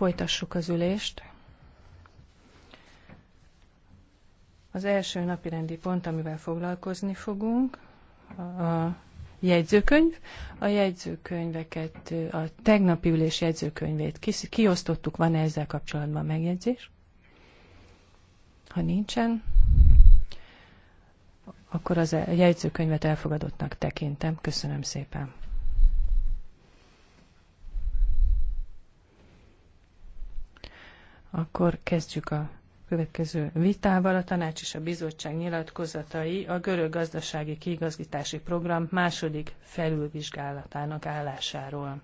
Folytassuk az ülést. Az első napi rendi pont, amivel foglalkozni fogunk, a jegyzőkönyv. A jegyzőkönyveket, a tegnapi ülés jegyzőkönyvét kiosztottuk, van -e ezzel kapcsolatban megjegyzés? Ha nincsen, akkor az e-, jegyzőkönyvet elfogadottnak tekintem. Köszönöm szépen. Akkor kezdjük a következő vitával. A tanács és a bizottság nyilatkozatai a görög gazdasági kiigazítási program második felülvizsgálatának állásáról.